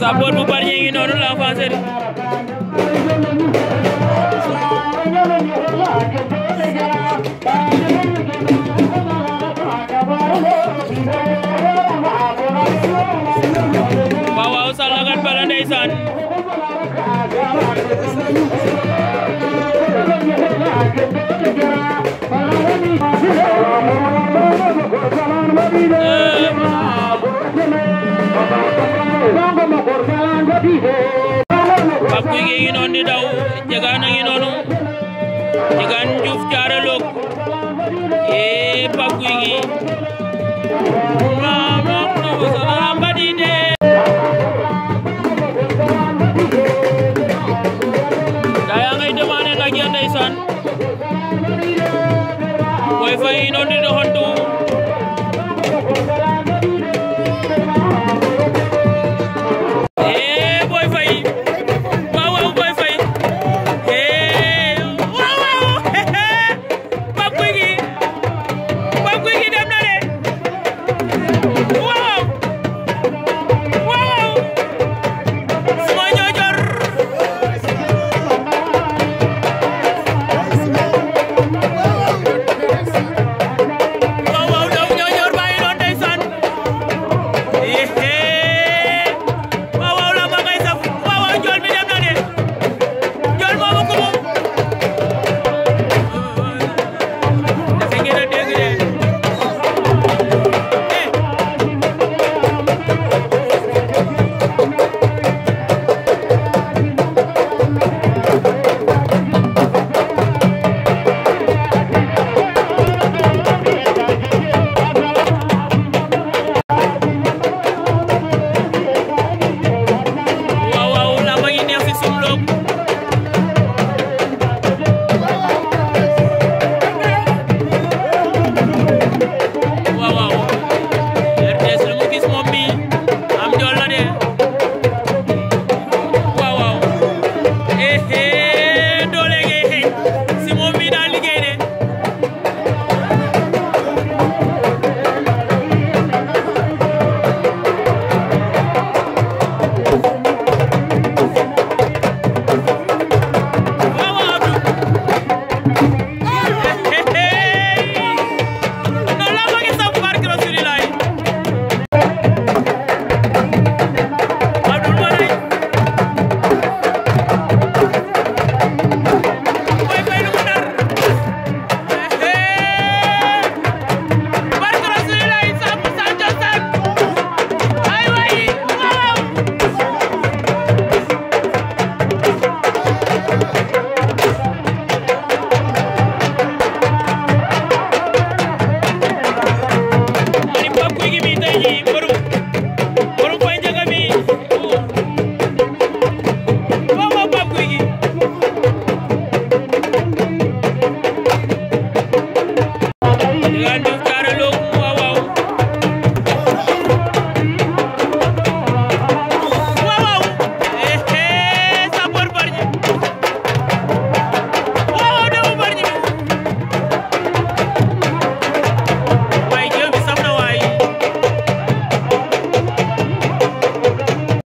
Sabon bubarnya ingin orang lawan sendiri. waaw waaw Sandakan Balla ndeysaan Pape Gueye ngi noonu di daw jegaan ndeysaan Boy Faye noonu di doxantu